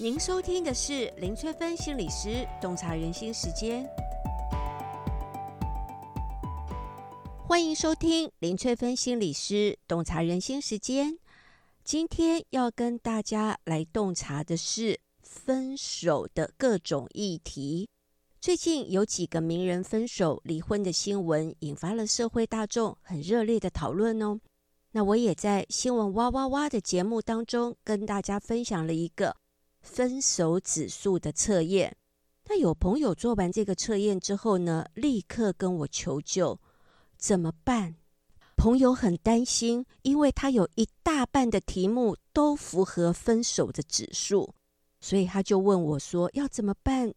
您收聽的是林翠芬心理師洞察人心時間。歡迎收聽林翠芬心理師洞察人心時間。今天要跟大家來洞察的是分手的各種議題。最近有幾個名人分手、離婚的新聞，引發了社會大眾很熱烈的討論哦。那我也在新聞哇哇哇的節目當中跟大家分享了一個。分手指數的測驗，那有朋友做完這個測驗之後呢，立刻跟我求救，怎麼辦？朋友很擔心，因為他有一大半的題目都符合分手的指數，所以他就問我說：“要怎麼辦？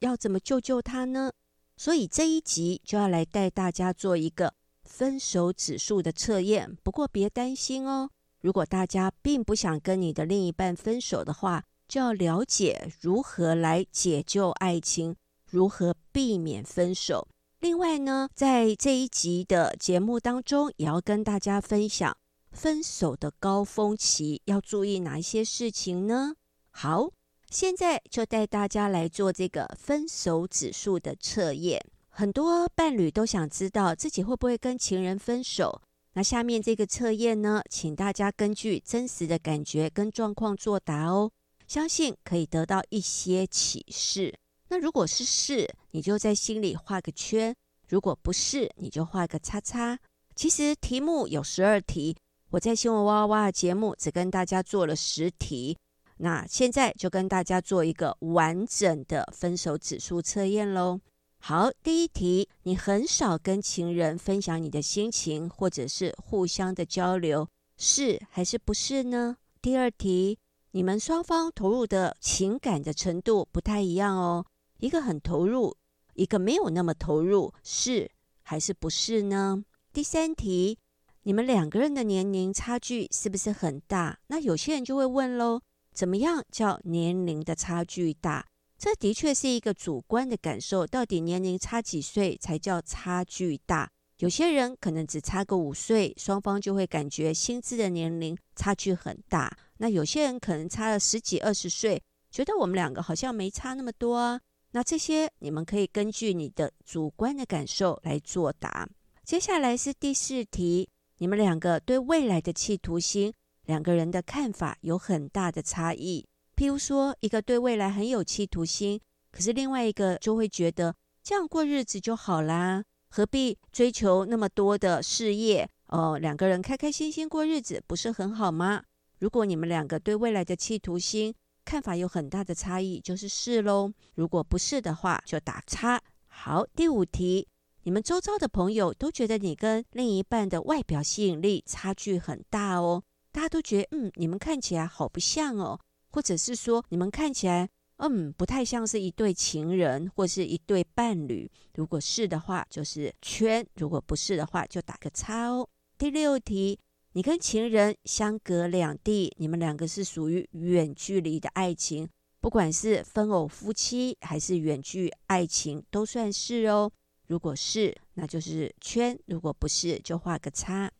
要怎麼救救他呢？”所以這一集就要來帶大家做一個分手指數的測驗。不過別擔心哦，如果大家並不想跟你的另一半分手的話，就要了解如何來解救愛情，如何避免分手。另外呢，在這一集的節目當中，也要跟大家分享分手的高峰期要注意哪一些事情呢？好，現在就帶大家來做這個分手指數的測驗。很多伴侶都想知道自己會不會跟情人分手？那下面這個測驗呢，請大家根據真實的感覺跟狀況作答哦。相信可以得到一些啟示。那如果是是，你就在心裡畫個圈；如果不是，你就畫個叉叉。其實題目有十二題，我在新聞挖挖哇的節目只跟大家做了十題。那現在就跟大家做一個完整的分手指數測驗嘍。好，第一題，你很少跟情人分享你的心情，或者是互相的交流，是還是不是呢？第二題。你們雙方投入的情感的程度不太一樣哦，一個很投入，一個沒有那麼投入，是還是不是呢？第三題，你們兩個人的年齡差距是不是很大？那有些人就會問嘍，怎麼樣叫年齡的差距大？這的確是一個主觀的感受，到底年齡差幾歲才叫差距大？有些人可能只差個五歲，雙方就會感覺心智的年齡差距很大。那有些人可能差了十幾二十歲，覺得我們兩個好像沒差那麼多啊。那這些你們可以根據你的主觀的感受來作答。接下來是第四題，你們兩個對未來的企圖心，兩個人的看法有很大的差異。譬如說，一個對未來很有企圖心，可是另外一個就會覺得這樣過日子就好啦，何必追求那麼多的事業？哦，兩個人開開心心過日子不是很好嗎？如果你們兩個對未來的企圖心，看法有很大的差異，就是是嘍；如果不是的話，就打叉。好，第五題，你們周遭的朋友都覺得你跟另一半的外表吸引力差距很大哦。大家都覺得，嗯，你們看起來好不像哦，或者是說你們看起來，嗯，不太像是一對情人或是一對伴侶。如果是的話，就是圈；如果不是的話，就打個叉哦。第六題。你跟情人相隔兩地，你們兩個是屬於遠距離的愛情，不管是分偶夫妻還是遠距愛情都算是哦。如果是，那就是圈；如果不是，就畫個叉。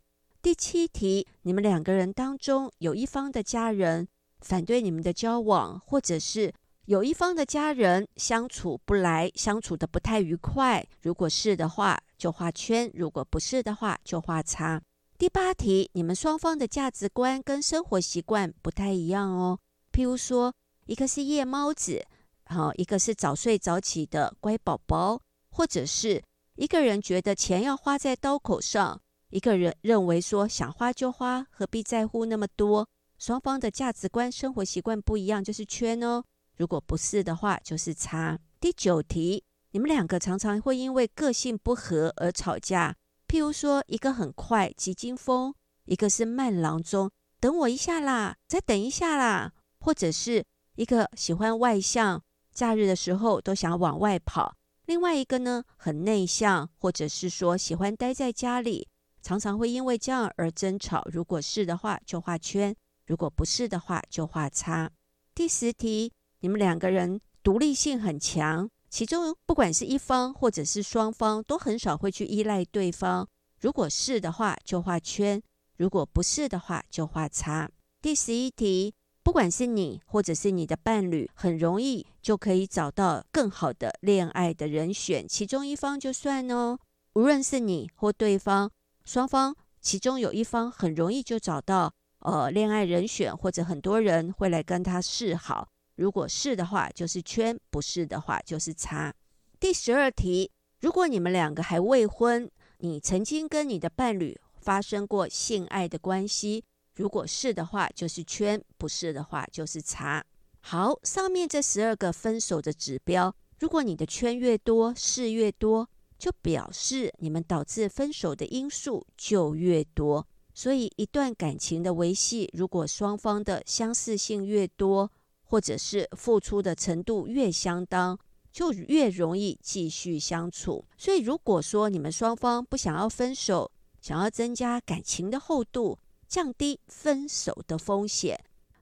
第七題，你們兩個人當中有一方的家人反對你們的交往，或者是有一方的家人相處不來，相處得不太愉快。如果是的話，就畫圈；如果不是的話，就畫叉。第八題，你們雙方的價值觀跟生活習慣不太一樣哦。譬如說，一個是夜貓子，然後、哦、一個是早睡早起的乖寶寶，或者是一個人覺得錢要花在刀口上，一個人認為說想花就花，何必在乎那麼多。雙方的價值觀、生活習慣不一樣就是圈哦。如果不是的話，就是叉。第九題，你們兩個常常會因為個性不合而吵架。例如說，一個很快急驚風，一個是慢郎中，等我一下啦，再等一下啦，或者是一個喜歡外向，假日的時候都想往外跑，另外一個呢很內向，或者是說喜歡待在家裡，常常會因為這樣而爭吵。如果是的話，就畫圈；如果不是的話，就畫叉。第十題，你們兩個人獨立性很強。其中，不管是一方或者是雙方，都很少會去依賴對方。如果是的話，就畫圈；如果不是的話，就畫叉。第十一題，不管是你或者是你的伴侶，很容易就可以找到更好的戀愛的人選。其中一方就算哦，無論是你或對方，雙方其中有一方很容易就找到呃戀愛人選，或者很多人會來跟他示好。如果是的話，就是圈；不是的話，就是叉。第十二題：如果你們兩個還未婚，你曾經跟你的伴侶發生過性愛的關係？如果是的話，就是圈；不是的話，就是叉。好，上面這十二個分手的指標，如果你的圈越多，是越多，就表示你們導致分手的因素就越多。所以，一段感情的維繫，如果雙方的相似性越多，或者是付出的程度越相當，就越容易繼續相處。所以，如果說你們雙方不想要分手，想要增加感情的厚度，降低分手的風險，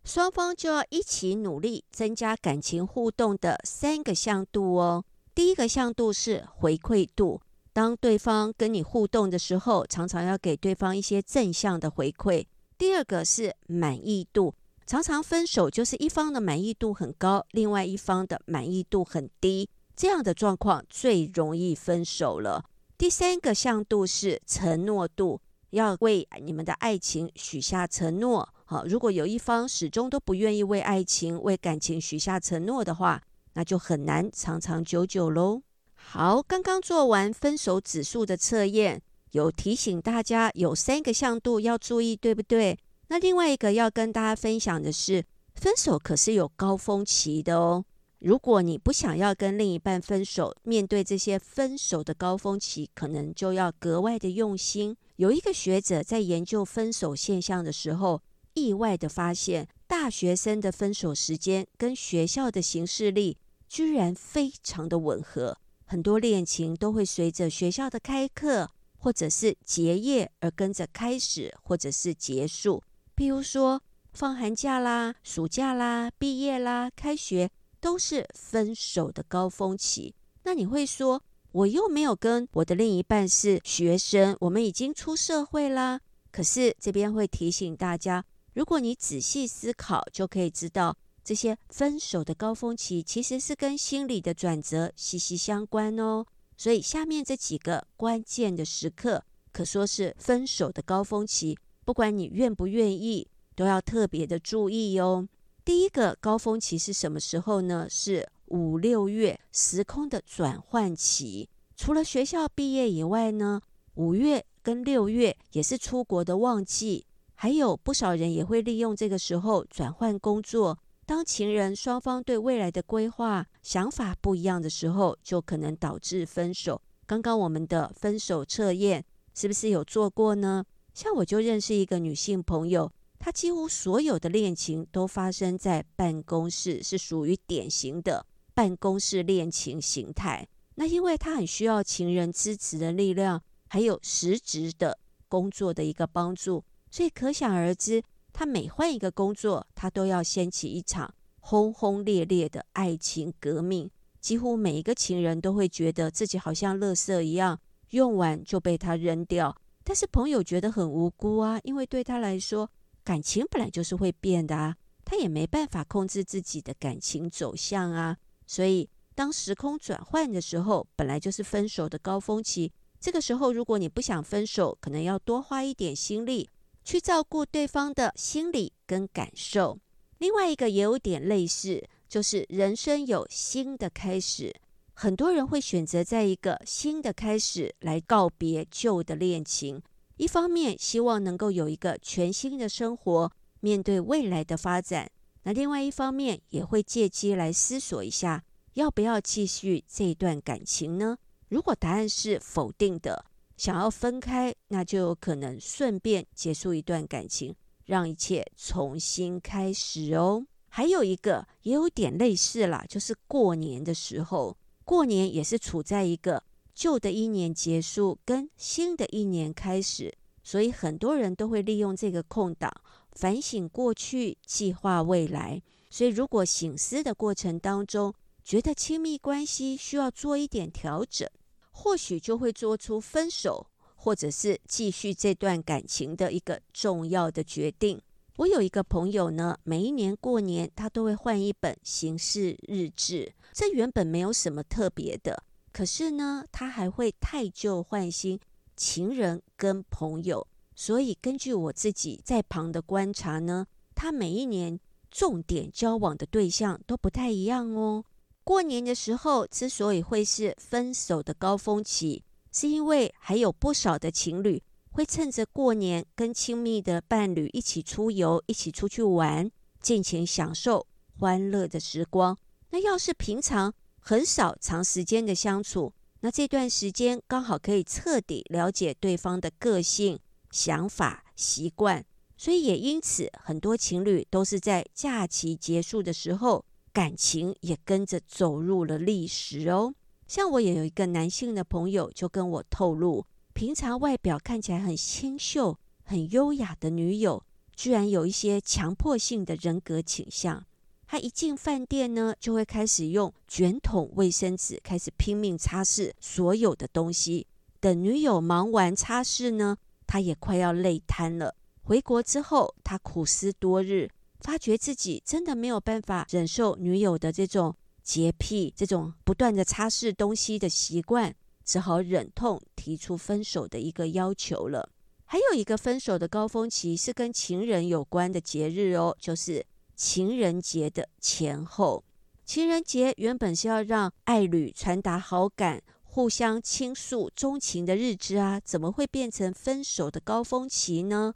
雙方就要一起努力增加感情互動的三個向度哦。第一個向度是回饋度，當對方跟你互動的時候，常常要給對方一些正向的回饋。第二個是滿意度。常常分手就是一方的滿意度很高，另外一方的滿意度很低，這樣的狀況最容易分手了。第三個向度是承諾度，要為你們的愛情許下承諾。好，如果有一方始終都不願意為愛情、為感情許下承諾的話，那就很難長長久久嘍。好，剛剛做完分手指數的測驗，有提醒大家有三個向度要注意，對不對？那另外一個要跟大家分享的是，分手可是有高峰期的哦。如果你不想要跟另一半分手，面對這些分手的高峰期，可能就要格外的用心。有一個學者在研究分手現象的時候，意外的發現，大學生的分手時間跟學校的行事曆居然非常的吻合。很多戀情都會隨着學校的開課或者是結業而跟着開始或者是結束。譬如說放寒假啦、暑假啦、畢業啦、開學，都是分手的高峰期。那你會說，我又沒有跟我的另一半是學生，我們已經出社會啦。可是這邊會提醒大家，如果你仔細思考，就可以知道這些分手的高峰期其實是跟心理的轉折息息相關哦。所以下面這幾個關鍵的時刻，可說是分手的高峰期。不管你願不願意，都要特別的注意哦。第一個高峰期是什麼時候呢？是五六月時空的轉換期。除了學校畢業以外呢，五月跟六月也是出國的旺季，還有不少人也會利用這個時候轉換工作。當情人雙方對未來的規劃想法不一樣的時候，就可能導致分手。剛剛我們的分手測驗是不是有做過呢？像我就認識一個女性朋友，她幾乎所有的戀情都發生在辦公室，是屬於典型的辦公室戀情形態。那因為她很需要情人支持的力量，還有實質的工作的一個幫助，所以可想而知，她每換一個工作，她都要掀起一場轟轟烈烈的愛情革命。幾乎每一個情人都會覺得自己好像垃圾一樣，用完就被她扔掉。但是朋友覺得很無辜啊，因為對他來說，感情本來就是會變的啊，他也沒辦法控制自己的感情走向啊。所以當時空轉換的時候，本來就是分手的高峰期。這個時候，如果你不想分手，可能要多花一點心力去照顧對方的心理跟感受。另外一個也有點類似，就是人生有新的開始。很多人會選擇在一個新的開始來告別舊的戀情。一方面，希望能夠有一個全新的生活，面對未來的發展；那另外一方面，也會借機來思索一下，要不要繼續這段感情呢？如果答案是否定的，想要分開，那就有可能順便結束一段感情，讓一切重新開始哦。還有一個也有點類似啦，就是過年的時候。過年也是處在一個舊的一年結束跟新的一年開始，所以很多人都會利用這個空檔反省過去，計劃未來。所以如果省思的過程當中，覺得親密關係需要做一點調整，或許就會做出分手或者是繼續這段感情的一個重要的決定。我有一個朋友呢，每一年過年他都會換一本行事日志。這原本沒有什麼特別的，可是呢，他還會汰舊換新，情人跟朋友。所以根據我自己在旁的觀察呢，他每一年重點交往的對象都不太一樣哦。過年的時候之所以會是分手的高峰期，是因為還有不少的情侶會趁着過年跟親密的伴侶一起出遊，一起出去玩，盡情享受歡樂的時光。那要是平常很少長時間的相處，那這段時間剛好可以徹底了解對方的個性、想法、習慣。所以也因此，很多情侶都是在假期結束的時候，感情也跟着走入了歷史哦。像我也有一個男性的朋友就跟我透露，平常外表看起來很清秀、很優雅的女友，居然有一些強迫性的人格傾向。他一進飯店呢，就會開始用卷筒衛生紙開始拼命擦拭所有的東西。等女友忙完擦拭呢，他也快要累癱了。回國之後，他苦思多日，發覺自己真的沒有辦法忍受女友的這種潔癖、這種不斷的擦拭東西的習慣，只好忍痛提出分手的一個要求了。還有一個分手的高峰期是跟情人有關的節日哦，就是。情人節的前後，情人節原本是要讓愛侶傳達好感、互相傾訴衷情的日子啊，怎麼會變成分手的高峰期呢？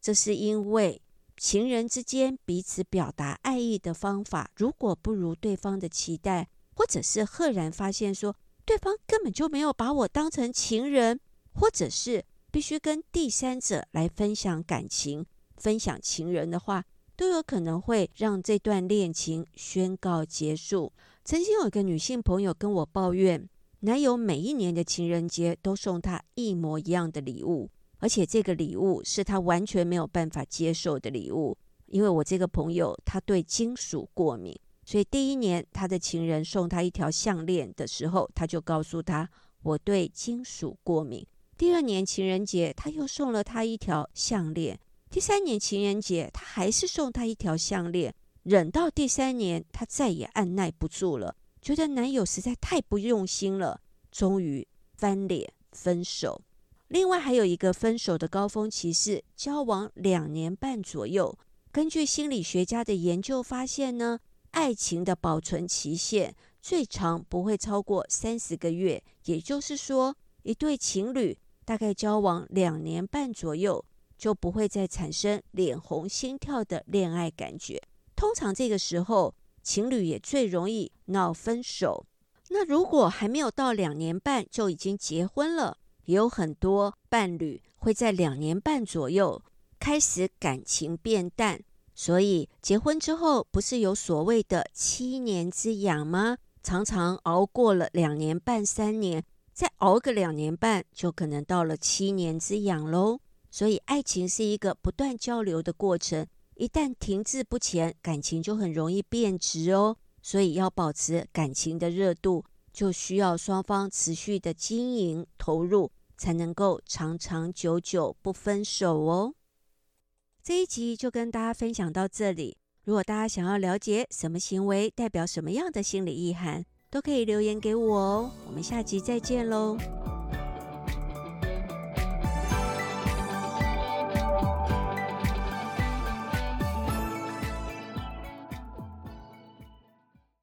這是因為情人之間彼此表達愛意的方法，如果不如對方的期待，或者是赫然發現說對方根本就沒有把我當成情人，或者是必須跟第三者來分享感情、分享情人的話。都有可能會讓這段戀情宣告結束。曾經有一個女性朋友跟我抱怨，男友每一年的情人節都送她一模一樣的禮物，而且這個禮物是她完全沒有辦法接受的禮物。因為我這個朋友她對金屬過敏，所以第一年她的情人送她一條項鏈的時候，她就告訴她我對金屬過敏。第二年情人節，他又送了她一條項鏈。第三年情人節，他還是送她一條項鏈。忍到第三年，她再也按捺不住了，覺得男友實在太不用心了，終於翻臉分手。另外，還有一個分手的高峰期是交往兩年半左右。根據心理學家的研究發現呢，愛情的保存期限最長不會超過三十個月，也就是說，一對情侶大概交往兩年半左右。就不會再產生臉紅心跳的戀愛感覺。通常這個時候，情侶也最容易鬧分手。那如果還沒有到兩年半就已經結婚了，也有很多伴侶會在兩年半左右開始感情變淡。所以結婚之後，不是有所謂的七年之癢嗎？常常熬過了兩年半、三年，再熬個兩年半，就可能到了七年之癢嘍。所以，愛情是一個不斷交流的過程，一旦停滯不前，感情就很容易變質哦。所以，要保持感情的熱度，就需要雙方持續的經營投入，才能夠長長久久不分手哦。這一集就跟大家分享到這裡，如果大家想要了解什麼行為代表什麼樣的心理意涵，都可以留言給我哦。我們下集再見嘍。